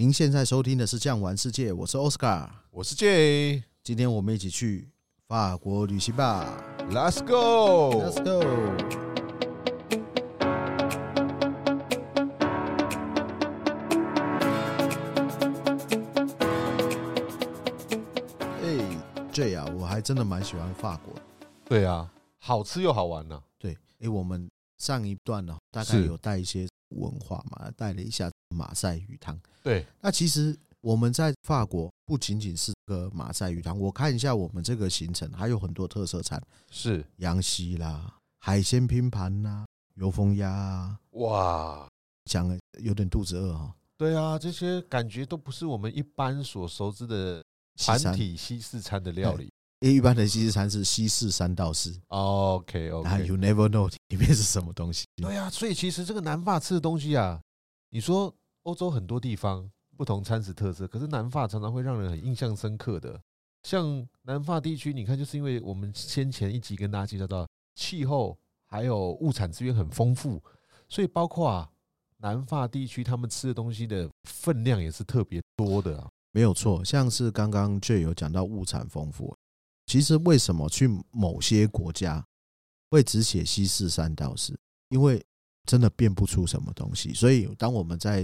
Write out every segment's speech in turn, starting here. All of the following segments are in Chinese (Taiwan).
您現在收聽的是《這樣玩世界》，我是 Oscar，我是 Jay，今天我們一起去法國旅行吧，Let's go，Let's go。哎，Jay 啊，我還真的蠻喜歡法國，對啊，好吃又好玩呢、啊。對，哎、欸，我們上一段呢、哦，大概有帶一些文化嘛，帶了一下馬賽魚湯。對，那其實我們在法國不僅僅是個馬賽魚湯。我看一下我們這個行程，還有很多特色菜，是羊膝啦、海鮮拼盤啦、油封鴨啊，哇，講有點肚子餓哦。對啊，這些感覺都不是我們一般所熟知的團體西式餐的料理。一般的西式餐是西式三到四。OK OK，You okay, never know 裡面是什麼東西。對啊，所以其實這個南法吃的東西啊，你說歐洲很多地方不同餐食特色，可是南法常常會讓人很印象深刻的。像南法地區，你看，就是因為我們先前一集跟大家介紹到氣候還有物產資源很豐富，所以包括啊南法地區他們吃的東西的分量也是特別多的啊。沒有錯，像是剛剛 J 有講到物產豐富。其實為什麼去某些國家會只寫西式三道四？因為真的變不出什麼東西。所以當我們在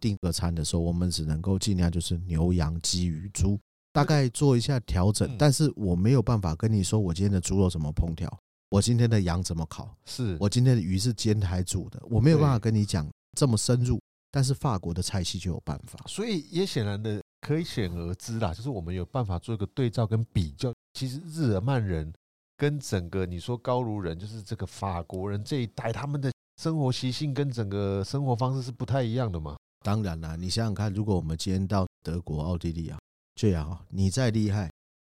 訂個餐的時候，我們只能夠儘量就是牛羊雞魚豬，大概做一下調整。但是我沒有辦法跟你說，我今天的豬肉怎麼烹調，我今天的羊怎麼烤，是我今天的魚是煎台煮的，我沒有辦法跟你講這麼深入。但是法國的菜系就有辦法，所以也顯然的。可以顯而知啦，就是我們有辦法做一個對照跟比較。其實日耳曼人跟整個你說高盧人，就是這個法國人這一代，他們的生活習性跟整個生活方式是不太一樣的嘛。當然啦，你想想看，如果我們今天到德國、奧地利啊，這樣啊，你再厲害，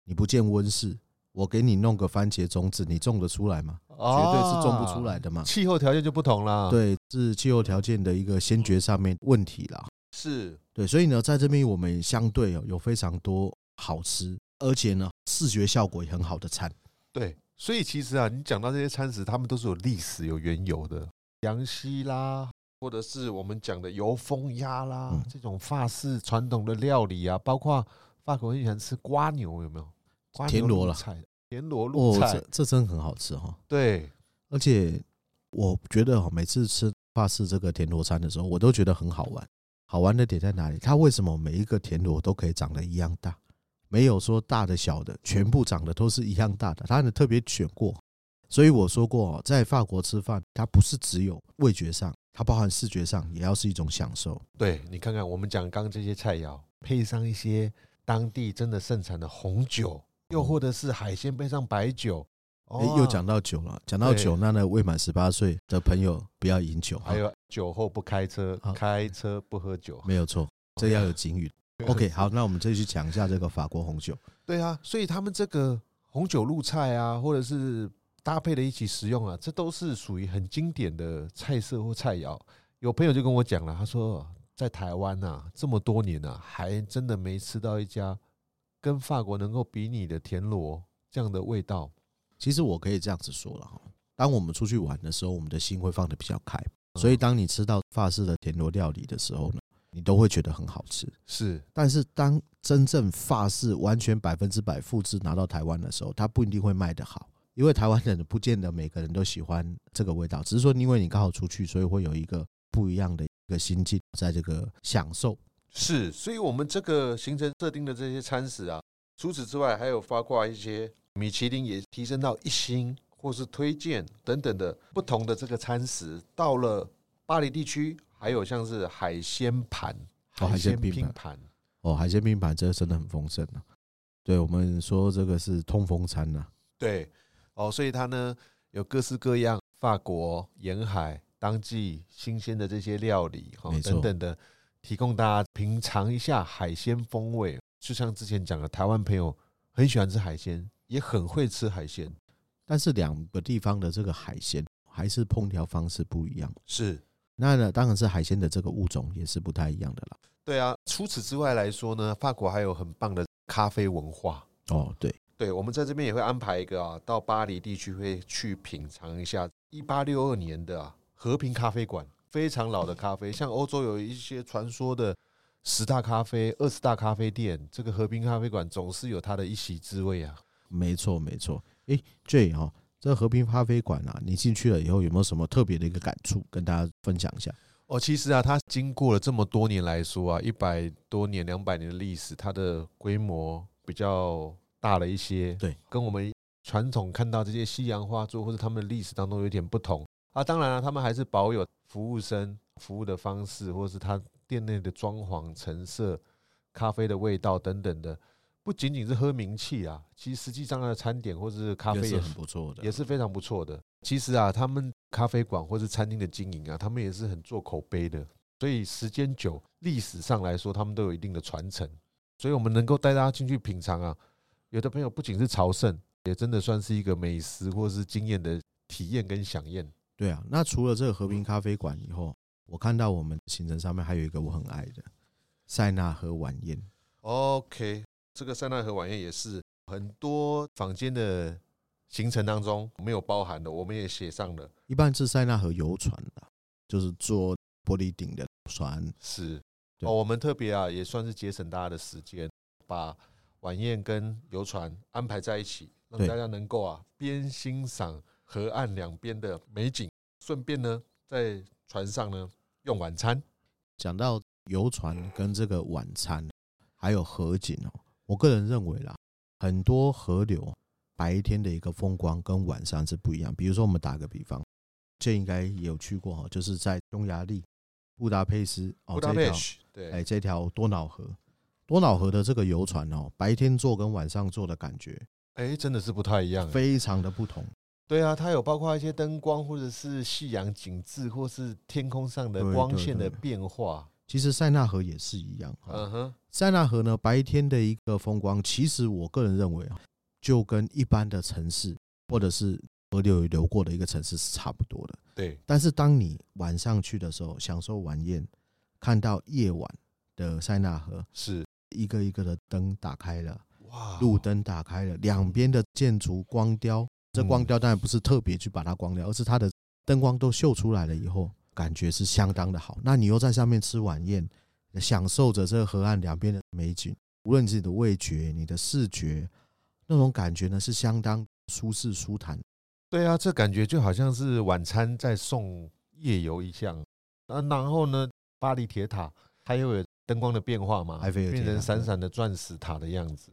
你不見溫室，我給你弄個番茄種子，你種得出來嗎？絕對是種不出來的嘛。氣候條件就不同了。對，是氣候條件的一個先決上面的問題啦。是，對，所以呢，在這邊我們相對有非常多好吃，而且呢，視覺效果也很好的餐。對，所以其實啊，你講到這些餐食，他們都是有歷史、有緣由的。羊西啦，或者是我們講的油封鴨啦，嗯、這種法式傳統的料理啊，包括法國人很喜歡吃蝸牛，有沒有？瓜田螺了，田螺菜，田螺露菜，這真的很好吃哈。對，而且我覺得哈，每次吃法式這個田螺餐的時候，我都覺得很好玩。好玩的點在哪裡？它為什麼每一個田螺都可以長得一樣大？沒有說大的小的，全部長得都是一樣大的。它呢，特別選過，所以我說過，在法國吃飯，它不是只有味覺上，它包含視覺上也要是一種享受。對，你看看，我們講剛這些菜肴，配上一些當地真的盛產的紅酒，又或者是海鮮配上白酒。哦欸、又講到酒了，講到酒，對那那未滿十八歲的朋友不要飲酒。哎酒後不開車，開車不喝酒，沒有錯，這要有警語。OK，好，那我們再去講一下這個法國紅酒。對啊，所以他們這個紅酒入菜啊，或者是搭配的一起食用啊，這都是屬於很經典的菜色或菜肴。有朋友就跟我講了，他說在台灣吶、啊，這麼多年啊，還真的沒吃到一家跟法國能夠比擬的田螺這樣的味道。其實我可以這樣子說了，當我們出去玩的時候，我們的心會放得比較開。所以，當你吃到法式的田螺料理的時候呢，你都會覺得很好吃。是，但是當真正法式完全百分之百複製拿到台灣的時候，它不一定會賣得好，因為台灣人不見得每個人都喜歡這個味道。只是說，因為你剛好出去，所以會有一個不一樣的一個心境，在這個享受。是，所以我們這個行程設定的這些餐食啊，除此之外，還有發掛一些米其林也提升到一星。或是推薦等等的不同的這個餐食。到了巴黎地區，還有像是海鮮盤、海鮮拼盤哦，海鮮拼盤，這真的很豐盛、啊、對我們說，這個是痛風餐吶、啊，對哦，所以它呢有各式各樣法國沿海當季新鮮的這些料理、哦、沒錯等等的，提供大家品嘗一下海鮮風味。就像之前講的，台灣朋友很喜歡吃海鮮，也很會吃海鮮。但是兩個地方的這個海鮮還是烹調方式不一樣是，是那呢，當然是海鮮的這個物種也是不太一樣的啦。對啊，除此之外來說呢，法國還有很棒的咖啡文化。哦，對對，我們在這邊也會安排一個啊，到巴黎地區會去品嘗一下一八六二年的、啊、和平咖啡館，非常老的咖啡。像歐洲有一些傳說的十大咖啡、二十大咖啡店，這個和平咖啡館總是有它的一席之位啊。沒錯，沒錯。哎，J 哈，Jay，這和平咖啡館啊，你進去了以後有沒有什麼特別的一個感觸，跟大家分享一下？哦，其實啊，它經過了這麼多年來說啊，一百多年、兩百年的歷史，它的規模比較大了一些，對、嗯，跟我們傳統看到這些西洋畫作或者他們的歷史當中有點不同啊。當然了、啊，他們還是保有服務生服務的方式，或者是他店內的裝潢陳設、咖啡的味道等等的。不僅僅是喝名氣啊，其實實際上的餐點或者是咖啡也，也是很不錯的，也是非常不錯的。其實啊，他們咖啡館或是餐廳的經營啊，他們也是很做口碑的。所以時間久，歷史上來說，他們都有一定的傳承。所以，我們能夠帶大家進去品嘗啊，有的朋友不僅是朝聖，也真的算是一個美食或是經驗的體驗跟饗宴。對啊，那除了這個和平咖啡館以後，我看到我們行程上面還有一個我很愛的塞納河晚宴。OK。這個塞納河晚宴也是很多坊間的行程當中沒有包含的，我們也寫上了。一般是塞納河遊船，就是坐玻璃頂的船。是對哦，我們特別啊，也算是節省大家的時間，把晚宴跟遊船安排在一起，讓大家能夠啊邊對欣賞河岸兩邊的美景，順便呢在船上呢用晚餐。講到遊船跟這個晚餐，嗯、哼還有河景哦。我個人認為啦，很多河流白天的一個風光跟晚上是不一樣。比如說，我們打個比方，這應該有去過，就是在匈牙利布達佩斯哦，布達佩斯對，哎、欸，這條多瑙河，多瑙河的這個遊船哦，白天坐跟晚上坐的感覺，哎、欸，真的是不太一樣，非常的不同。對啊，它有包括一些燈光，或者是夕陽景致，或是天空上的光線的變化。對對對。其實塞納河也是一樣齁，塞納河呢，白天的一個風光，其實我個人認為啊，就跟一般的城市或者是河流流過的一個城市是差不多的。對。但是當你晚上去的時候，享受晚宴，看到夜晚的塞納河，是一個一個的燈打開了，哇，路燈打開了，兩邊的建築光雕，這光雕當然不是特別去把它光雕，而是它的燈光都秀出來了以後。感覺是相當的好，那你又在上面吃晚宴，享受着這河岸兩邊的美景，無論你的味覺、你的視覺，那種感覺呢是相當舒適舒坦。對啊，這感覺就好像是晚餐再送夜遊一樣，啊。然後呢，巴黎鐵塔它又有燈光的變化嘛，變成閃閃的鑽石塔的樣子。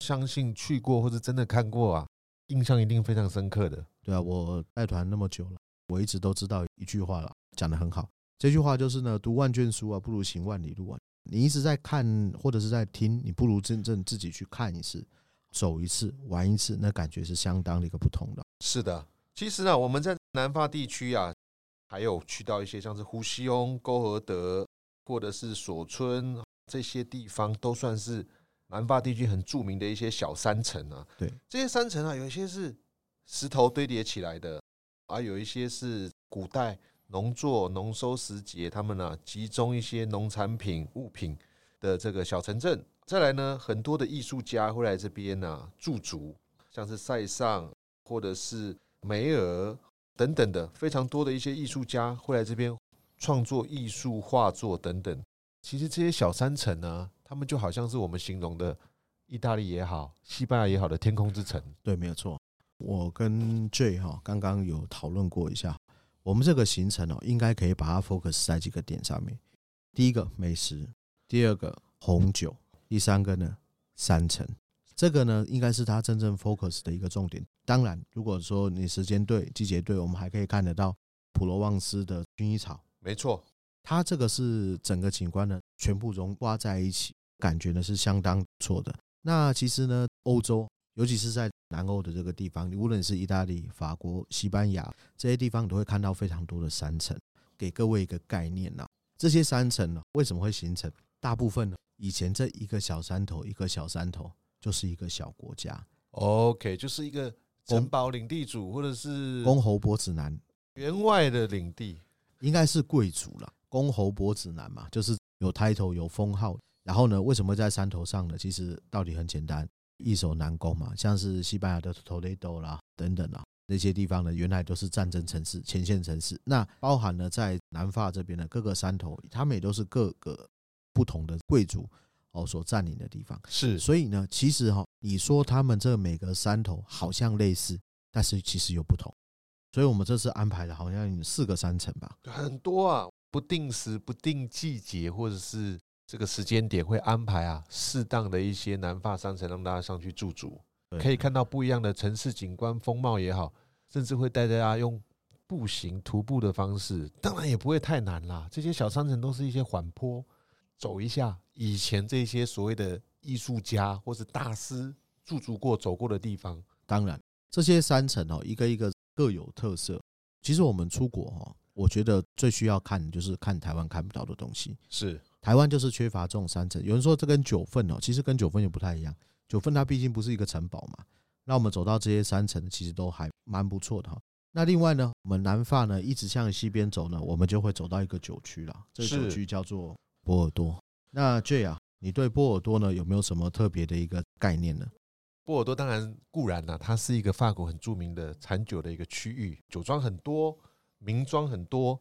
相信去過或者真的看過啊，印象一定非常深刻的。對啊，我帶團那麼久了。我一直都知道一句話了，講得很好。這句話就是呢，讀萬卷書啊，不如行萬里路啊。你一直在看或者是在聽，你不如真正自己去看一次，走一次，玩一次，那感覺是相當的一個不同的。是的，其實啊，我們在南法地區啊，還有去到一些像是呼西翁、溝和德或者是索村這些地方，都算是南法地區很著名的一些小山城啊。對，這些山城啊，有一些是石頭堆疊起來的。而、啊、有一些是古代農作、農收時節，他們呢、啊、集中一些農產品物品的這個小城鎮。再來呢，很多的藝術家會來這邊呢駐足，像是塞尚或者是梅爾等等的，非常多的一些藝術家會來這邊創作藝術畫作等等。其實這些小山城呢，他們就好像是我們形容的意大利也好、西班牙也好的天空之城。對，沒有錯。我跟 J 哈、哦、剛剛有討論過一下，我們這個行程哦，應該可以把它 focus 在幾個點上面。第一個美食，第二個紅酒，第三個呢山城。三層這個呢應該是它真正 focus 的一個重點。當然，如果說你時間對、季節對，我們還可以看得到普羅旺斯的薰衣草。沒錯，它這個是整個景觀呢全部融化在一起，感覺呢是相當不錯的。那其實呢，歐洲。尤其是在南歐的這個地方，無論是意大利、法國、西班牙這些地方，你都會看到非常多的山城。給各位一個概念吶、啊，這些山城呢、啊，為什麼會形成？大部分呢，以前這一個小山頭、一個小山頭就是一個小國家。OK，就是一個城堡領地主或者是公侯伯子男員外的領地，應該是貴族啦。公侯伯子男嘛，就是有 title、有封號。然後呢，為什麼在山頭上呢？其實道理很簡單。易守難攻嘛，像是西班牙的 Toledo 啦，等等啊，那些地方呢，原來都是戰爭城市、前線城市。那包含了在南法這邊的各個山頭，他們也都是各個不同的貴族哦，所占領的地方。是，所以呢，其實哈、哦，你說他們這每個山頭好像類似，是，但是其實又不同。所以我們這次安排的好像有四個山城吧？很多啊，不定時、不定季節，或者是。這個時間點會安排啊，適當的一些南法山城讓大家上去駐足，可以看到不一樣的城市景觀風貌也好，甚至會帶大家用步行徒步的方式，當然也不會太難啦。這些小山城都是一些緩坡，走一下。以前這些所謂的藝術家或是大師駐足過走過的地方，當然這些山城哦，一個一個各有特色。其實我們出國哈、哦，我覺得最需要看就是看台灣看不到的東西，是。台灣就是缺乏這種山城，有人說這跟九份哦，其實跟九份也不太一樣。九份它畢竟不是一個城堡嘛，那我們走到這些山城，其實都還蠻不錯的哈。那另外呢，我們南法呢一直向西邊走呢，我們就會走到一個酒區了。這酒區叫做波爾多是。那 Jay 啊，你對波爾多呢有沒有什麼特別的一個概念呢？波爾多當然固然呢、啊，它是一個法國很著名的產酒的一個區域，酒莊很多，名莊很多。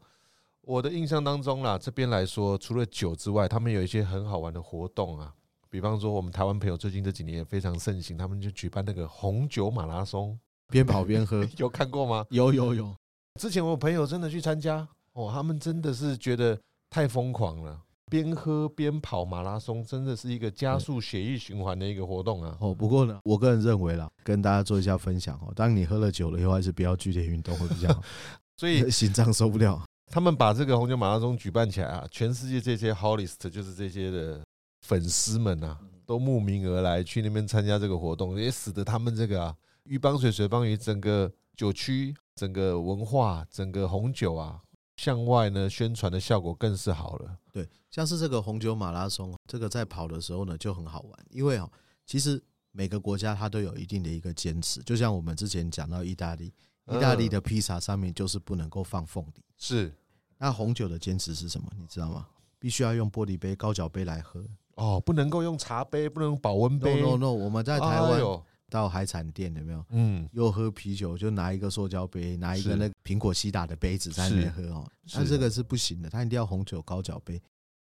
我的印象當中啦，這邊來說，除了酒之外，他們有一些很好玩的活動啊。比方說，我們台灣朋友最近這幾年也非常盛行，他們就舉辦那個紅酒馬拉松，邊跑邊喝， 有看過嗎？有有有、嗯。之前我朋友真的去參加，哦，他們真的是覺得太瘋狂了，邊喝邊跑馬拉松，真的是一個加速血液循環的一個活動啊、嗯。哦，不過呢，我個人認為啦，了跟大家做一下分享哦、喔，當你喝了酒了以後，還是不要劇烈運動會比較好， 所以心臟受不了。他們把這個紅酒馬拉松舉辦起來啊，全世界這些 holist 就是這些的粉絲們啊，都慕名而來，去那邊參加這個活動，也使得他們這個啊，魚幫水，水幫魚，整個酒區、整個文化、整個紅酒啊，向外呢宣傳的效果更是好了。對，像是這個紅酒馬拉松，這個在跑的時候呢，就很好玩，因為啊、哦，其實每個國家它都有一定的一個堅持，就像我們之前講到意大利。意大利的披薩上面就是不能夠放鳳梨、嗯，是。那紅酒的堅持是什麼？你知道嗎？必須要用玻璃杯、高腳杯來喝哦，不能夠用茶杯，不能用保溫杯。No，No，no, no, 我們在台灣到海產店有沒有？嗯、哦呦，又喝啤酒就拿一個塑膠杯，拿一個那個蘋果西打的杯子在那裡面喝哦，那這個是不行的，它一定要紅酒高腳杯。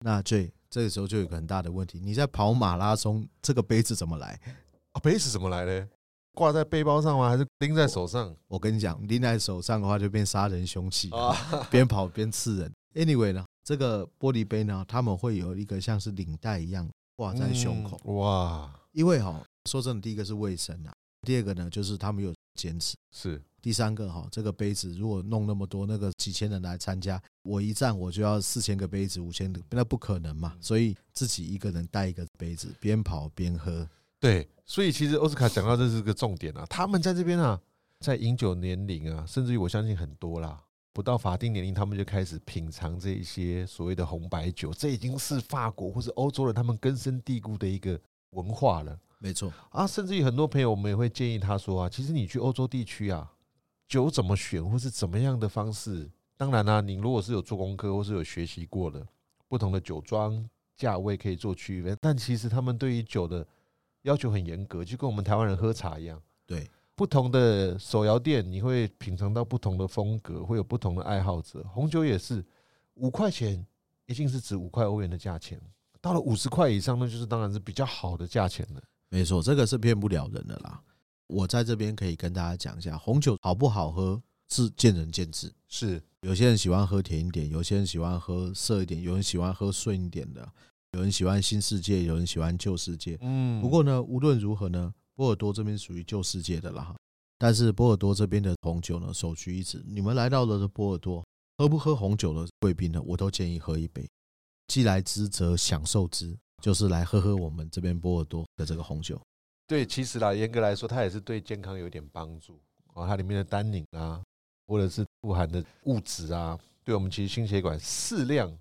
那這這個時候就有個很大的問題，你在跑馬拉松，這個杯子怎麼來啊、哦？杯子怎麼來呢？掛在背包上嗎？還是拎在手上？我，我跟你講，拎在手上的話就變殺人凶器，啊、邊跑邊刺人。Anyway 呢，這個玻璃杯呢，他們會有一個像是領帶一樣掛在胸口。嗯、哇！因為哈，說真的，第一個是衛生啊，第二個呢就是他們有堅持。是。第三個哈，這個杯子如果弄那麼多，那個幾千人來參加，我一站我就要四千個杯子，五千個，那不可能嘛。所以自己一個人帶一個杯子，邊跑邊喝。對。所以其實奧斯卡講到這是個重點啊，他們在這邊啊，在飲酒年齡啊，甚至於我相信很多啦，不到法定年齡他們就開始品嘗這一些所謂的紅白酒，這已經是法國或是歐洲人他們根深蒂固的一個文化了。沒錯啊，甚至於很多朋友我們也會建議他說啊，其實你去歐洲地區啊，酒怎麼選或是怎麼樣的方式，當然啦、啊，你如果是有做功課或是有學習過的，不同的酒莊價位可以做區分，但其實他們對於酒的。要求很嚴格，就跟我們台灣人喝茶一樣。對，不同的手搖店，你會品嘗到不同的風格，會有不同的愛好者。紅酒也是，五塊錢一定是指五塊歐元的價錢，到了五十塊以上，那就是當然是比較好的價錢了。沒錯，這個是騙不了人的啦。我在這邊可以跟大家講一下，紅酒好不好喝是見仁見智，是有些人喜歡喝甜一點，有些人喜歡喝澀一點，有人喜歡喝順一點的。有人喜歡新世界，有人喜歡舊世界。嗯，不過呢，無論如何呢，波爾多這邊屬於舊世界的了啦。但是波爾多這邊的紅酒呢，首屈一指。你們來到了的波爾多，喝不喝紅酒的貴賓呢，我都建議喝一杯，既來之則享受之，就是來喝喝我們這邊波爾多的這個紅酒。對，其實啦，嚴格來說，它也是對健康有一點幫助哦，它裡面的單寧啊，或者是富含的物質啊，對我們其實心血管適量。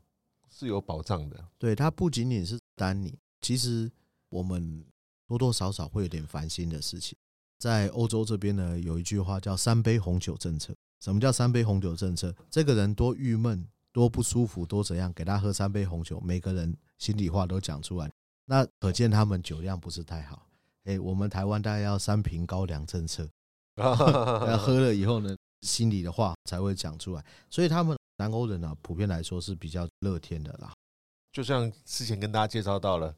是有保障的，對它不僅僅是單你，其實我們多多少少會有點煩心的事情。在歐洲這邊呢，有一句話叫“三杯紅酒政策”。什麼叫“三杯紅酒政策”？這個人多鬱悶、多不舒服、多怎樣，給他喝三杯紅酒，每個人心裡話都講出來。那可見他們酒量不是太好。欸，我們台灣大概要三瓶高粱政策， 喝了以後呢，心裡的話才會講出來。所以他們。南歐人啊，普遍來說是比較樂天的啦。就像之前跟大家介紹到了，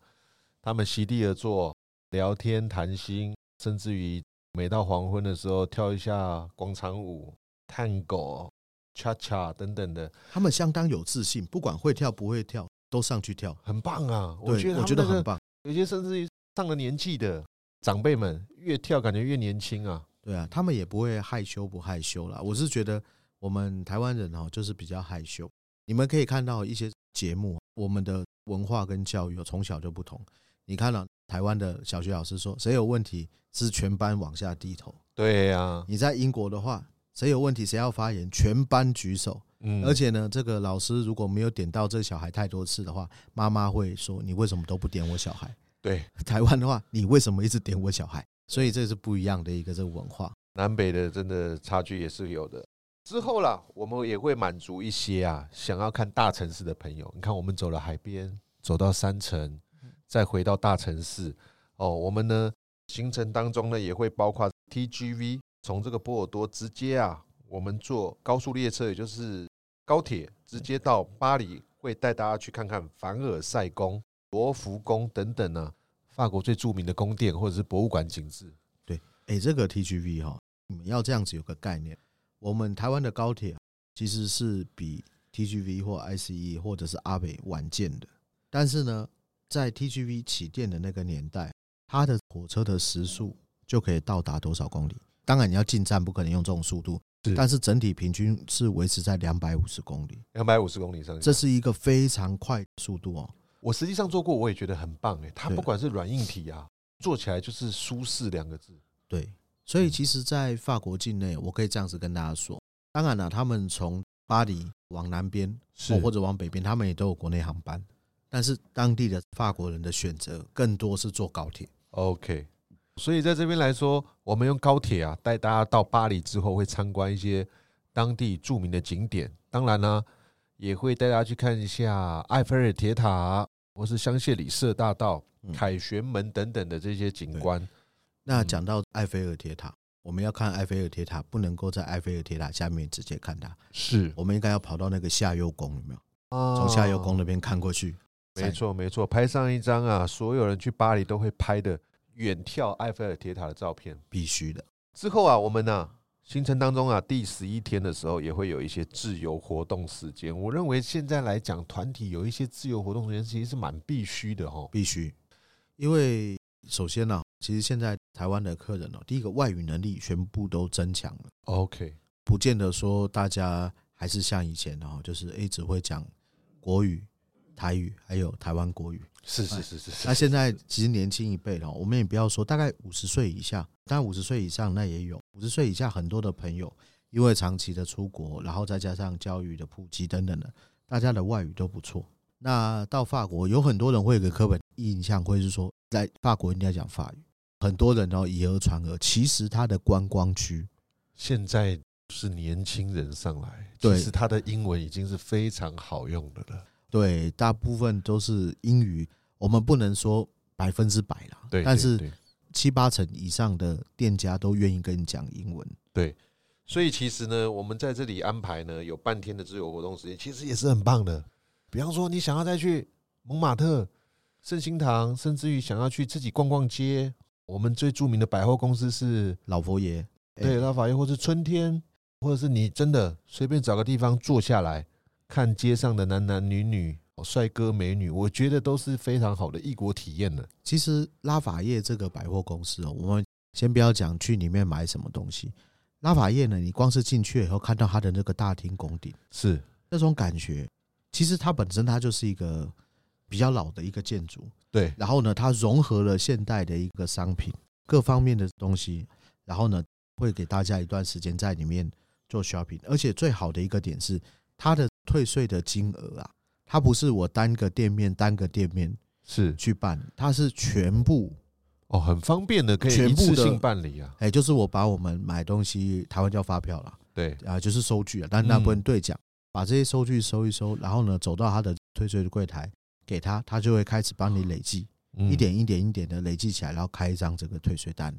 他們席地而坐聊天談心，甚至於每到黃昏的時候跳一下廣場舞、探戈、恰恰等等的。他們相當有自信，不管會跳不會跳都上去跳，很棒啊！對我覺得我覺得很棒。有些甚至於上了年紀的長輩們越跳感覺越年輕啊！對啊，他們也不會害羞不害羞啦。我是覺得。我們台灣人哦，就是比較害羞。你們可以看到一些節目，我們的文化跟教育從小就不同。你看到、啊、台灣的小學老師說，誰有問題是全班往下低頭。對呀，你在英國的話，誰有問題誰要發言，全班舉手。而且呢，這個老師如果沒有點到這小孩太多次的話，媽媽會說你為什麼都不點我小孩？對，台灣的話，你為什麼一直點我小孩？所以這是不一樣的一個這個文化。南北的真的差距也是有的。之後啦，我們也會滿足一些啊想要看大城市的朋友。你看，我們走了海邊，走到山城，再回到大城市。哦，我們呢行程，當中呢也會包括 TGV，從這個波爾多直接啊，我們坐高速列車，也就是高鐵，直接到巴黎。會帶大家去看看凡爾賽宮、羅浮宮等等呢、啊，法國最著名的宮殿或者是博物館景致。對，哎、欸，這個 TGV 哈，你們要這樣子有個概念。我們台灣的高鐵其實是比 TGV 或 ICE 或者是阿北晚建的，但是呢，在 TGV 起電的那個年代，它的火車的時速就可以到達多少公里？當然你要進站不可能用這種速度，是 但是整體平均是維持在兩百五十公里，兩百五十公里上，這是一個非常快速度哦、喔。是 我實際上坐過，我也覺得很棒、欸，它不管是軟硬體啊，坐起來就是舒適兩個字。對。所以其實，在法國境內，我可以這樣子跟大家說，當然了、啊，他們從巴黎往南邊，是或，或者往北邊，他們也都有國內航班。但是，當地的法國人的選擇更多是坐高鐵。OK，所以在這邊來說，我們用高鐵啊帶大家到巴黎之後，會參觀一些當地著名的景點。當然呢、啊，也會帶大家去看一下埃菲爾鐵塔，或是香榭里舍大道、嗯、凱旋門等等的這些景觀。那講到埃菲爾鐵塔，我們要看埃菲爾鐵塔，不能夠在埃菲爾鐵塔下面直接看它，是我們應該要跑到那個夏悠宮，裡面。哦。從夏悠宮那邊看過去，啊，沒錯，沒錯，拍上一張啊，所有人去巴黎都會拍的遠眺埃菲爾鐵塔的照片，必須的。之後啊，我們呢，啊、行程當中啊，第十一天的時候也會有一些自由活動時間。我認為現在來講，團體有一些自由活動時間，其實是蠻必須的齁，必須，因為首先呢，啊。其實現在台灣的客人哦，第一個外語能力全部都增強了 okay。OK，不見得說大家還是像以前哦，就是一直會講國語、台語，還有台灣國語。是是是是，是。那現在其實年輕一輩哦，我們也不要說，大概五十歲以下，但五十歲以上那也有。五十歲以下很多的朋友，因為長期的出國，然後再加上教育的普及等等的，大家的外語都不錯。那到法國有很多人會給課本印象，會是說在法國應該講法語。很多人然後以訛傳訛，其實它的觀光區現在是年輕人上來，對其實他的英文已經是非常好用的了。對，大部分都是英語，我們不能說百分之百啦，對，但是七八成以上的店家都願意跟你講英文。對，所以其實呢，我們在這裡安排呢有半天的自由活動時間，其實也是很棒的。比方說，你想要再去蒙馬特、聖心堂，甚至於想要去自己逛逛街。我們最著名的百貨公司是老佛爺，對，欸、拉法葉，或是春天，或者是你真的隨便找個地方坐下來，看街上的男男女女、帥哥美女，我覺得都是非常好的異國體驗呢。其實拉法葉這個百貨公司哦，我們先不要講去裡面買什麼東西，拉法葉呢，你光是進去以後看到它的那個大廳拱頂，是那種感覺，其實它本身它就是一個。比較老的一個建築，對，然後呢，它融合了現代的一個商品各方面的東西，然後呢，會給大家一段時間在裡面做 shopping，而且最好的一個點是它的退稅的金額啊，它不是我單個店面單個店面是去辦，它是全部哦，很方便的，可以一次性辦理啊，哎，就是我把我們買東西，台灣叫發票了，對啊，就是收據，但那不能兌獎，把這些收據收一收，然後呢，走到它的退稅的櫃檯。給他，他就會開始幫你累積，嗯、一點一點一點的累積起來，然後開一張這個退稅單，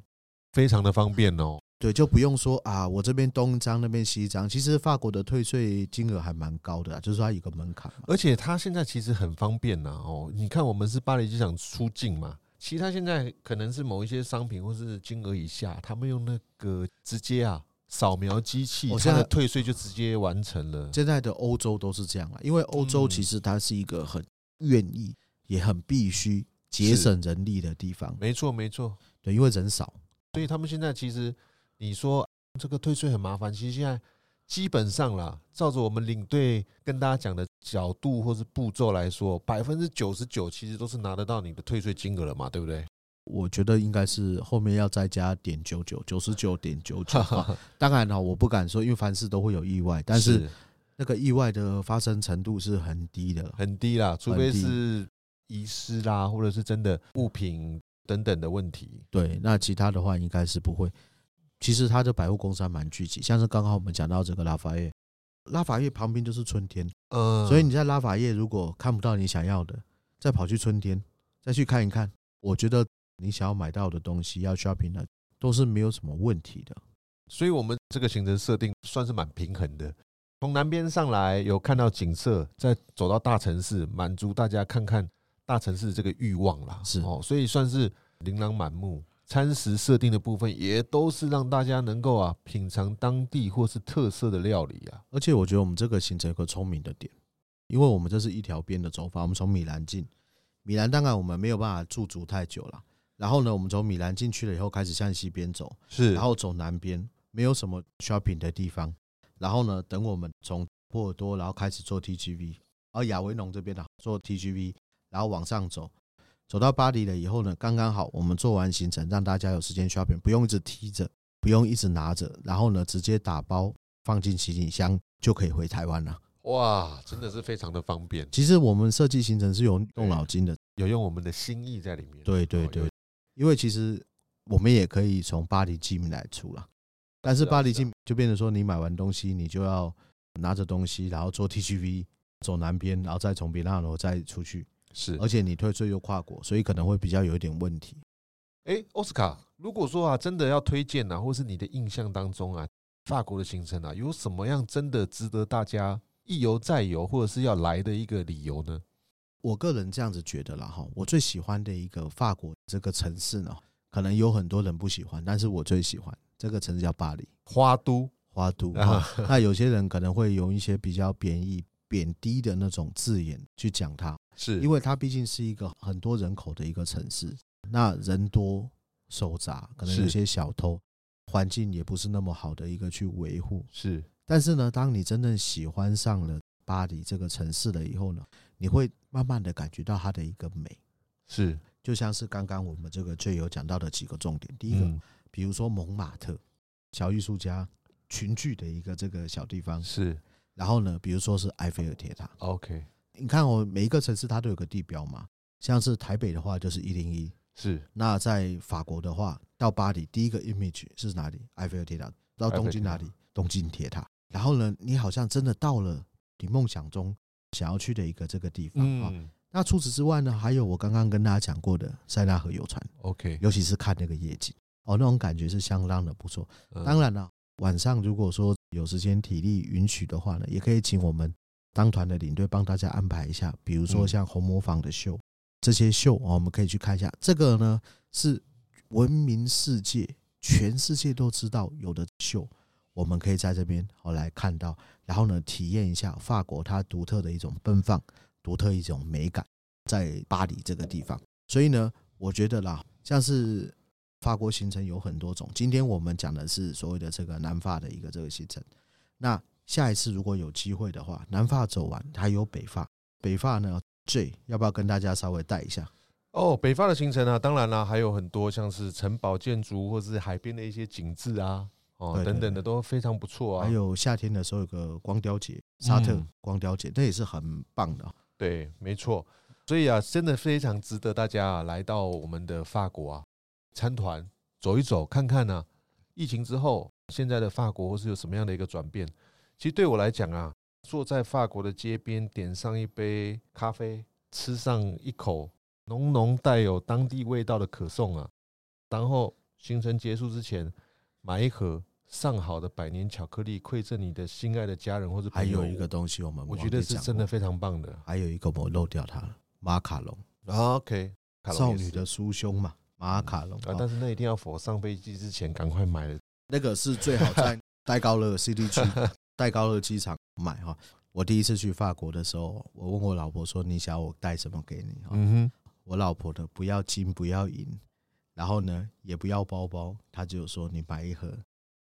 非常的方便哦。對，就不用說啊，我這邊東張那邊西張。其實法國的退稅金額還蠻高的，就是它有個門檻，而且它現在其實很方便呢。哦，你看我們是巴黎機場出境嘛，其他現在可能是某一些商品或是金額以下，他們用那個直接啊掃描機器，我現在退稅就直接完成了。現在的歐洲都是這樣了，因為歐洲其實它是一個很。願意也很必須節省人力的地方，沒錯沒錯，對，因為人少，所以他們現在其實你說這個退稅很麻煩，其實現在基本上啦，照着我們領隊跟大家講的角度或是步驟來說，百分之九十九其實都是拿得到你的退稅金額了嘛，對不對？我覺得應該是後面要再加點九九九十九點九九，當然了，我不敢說，因為凡事都會有意外，但是。是那個意外的發生程度是很低的，很低啦，除非是遺失啦，或者是真的物品等等的問題。對，那其他的話應該是不會。其實它的百貨公司蠻聚集，像是剛剛我們講到這個拉法葉，拉法葉旁邊就是春天，呃，所以你在拉法葉如果看不到你想要的，再跑去春天再去看一看，我覺得你想要買到的東西要 shopping 呢，都是沒有什麼問題的。所以我們這個行程設定算是蠻平衡的。從南邊上來，有看到景色，再走到大城市，滿足大家看看大城市這個慾望啦。是哦，所以算是琳琅滿目。餐食設定的部分也都是讓大家能夠啊品嘗當地或是特色的料理啊。而且我覺得我們這個行程有個聰明的點，因為我們這是一條邊的走法，我們從米蘭進，米蘭當然我們沒有辦法駐足太久了。然後呢，我們從米蘭進去了以後，開始向西邊走，是，然後走南邊，沒有什麼 shopping 的地方。然後呢，等我們從波爾多，然後開始做 TGV，而啊、亞維農這邊呢、啊、做 TGV，然後往上走，走到巴黎了以後呢，剛剛好我們做完行程，讓大家有時間 shopping，不用一直提着，不用一直拿着，然後呢，直接打包放進行李箱就可以回台灣了。哇，真的是非常的方便。其實我們設計行程是有動腦筋的，有用我們的心意在裡面。對對對，哦、因為其實我們也可以從巴黎寄米來出了。但是巴黎進，就變成說，你買完東西，你就要拿着東西，然後坐 TGV 走南邊，然後再從比納羅再出去，是，而且你退稅又跨國，所以可能會比較有一點問題。誒、欸，奧斯卡，如果說啊，真的要推薦啊，或是你的印象當中啊，法國的行程啊，有什麼樣真的值得大家一遊再遊，或者是要來的一個理由呢？我個人這樣子覺得啦，哈，我最喜歡的一個法國這個城市呢，可能有很多人不喜歡，但是我最喜歡。那個城市叫巴黎，花都，花都啊。那有些人可能會用一些比較貶義、貶低的那種字眼去講它，是，因為它畢竟是一個很多人口的一個城市，那人多手雜，可能有些小偷，環境也不是那麼好的一個去維護。是，但是呢，當你真正喜歡上了巴黎這個城市了以後呢，你會慢慢的感覺到它的一個美，是，就像是剛剛我們這個最有講到的幾個重點，第一個。比如說蒙馬特，小藝術家群聚的一個這個小地方是。然後呢，比如說是埃菲爾鐵塔，OK。你看我，哦、每一個城市它都有個地標嘛。像是台北的話就是一零一，是。那在法國的話，到巴黎第一個 image 是哪裡？埃菲爾鐵塔。到東京哪裡？東京鐵塔。然後呢，你好像真的到了你夢想中想要去的一個這個地方啊，嗯哦。那除此之外呢，還有我剛剛跟大家講過的塞納河遊船，OK，尤其是看那個夜景。哦，那種感覺是相當的不錯。當然了、啊，晚上如果說有時間、體力允許的話呢，也可以請我們當團的領隊幫大家安排一下，比如說像紅磨坊的秀，這些秀、哦、我們可以去看一下。這個呢是聞名世界，全世界都知道有的秀，我們可以在這邊哦來看到，然後呢體驗一下法國它獨特的一種奔放、獨特一種美感，在巴黎這個地方。所以呢，我覺得啦，像是。法國行程有很多種，今天我們講的是所謂的這個南法的一個這個行程。那下一次如果有機會的話，南法走完還有北法，北法呢最要不要跟大家稍微帶一下？哦，北法的行程啊，當然了、啊，還有很多像是城堡建築或是海邊的一些景致啊，哦，對對對，等等的都非常不錯啊。還有夏天的時候有個光雕節，沙特光雕節這、嗯、也是很棒的。對，沒錯，所以啊，真的非常值得大家、啊、來到我們的法國啊。參團走一走看看呢、啊，疫情之後現在的法國或是有什麼樣的一個轉變？其實對我來講啊，坐在法國的街邊，點上一杯咖啡，吃上一口濃濃帶有當地味道的可頌啊，然後行程結束之前買一盒上好的百年巧克力，饋贈你的心愛的家人或者朋友。還有一個東西，我們我覺得是真的非常棒的。還有一個我漏掉它了，馬卡龍。OK，少女的酥胸嘛。馬卡龍啊，但是那一定要佛上飛機之前趕快買的。那個是最好在戴高樂 C D 區、戴高樂機場買哈。我第一次去法國的時候，我問我老婆說：“你想要我帶什麼給你？”嗯哼。我老婆的，不要金，不要銀，然後呢，也不要包包，她只有說：“你買一盒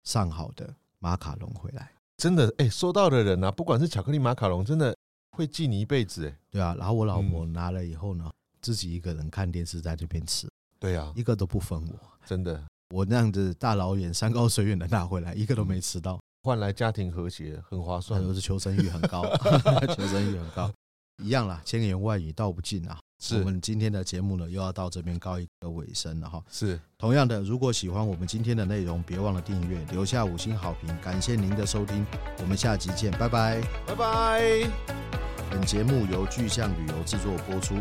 上好的馬卡龍回來。”真的，哎，收到的人啊，不管是巧克力馬卡龍，真的會記你一輩子，哎，對啊，然後我老婆拿了以後呢，自己一個人看電視，在這邊吃。對呀、啊，一個都不分我，真的，我那樣子大老遠山高水遠的拿回來，一個都沒吃到，換來家庭和諧，很划算，就是求生欲很高， 求生欲很高，一樣啦，千言萬語道不盡啊。是我們今天的節目呢，又要到這邊告一個尾聲了哈。是，同樣的，如果喜歡我們今天的內容，別忘了訂閱，留下五星好評，感謝您的收聽，我們下集見，拜拜，拜拜 bye。本節目由巨匠旅遊製作播出。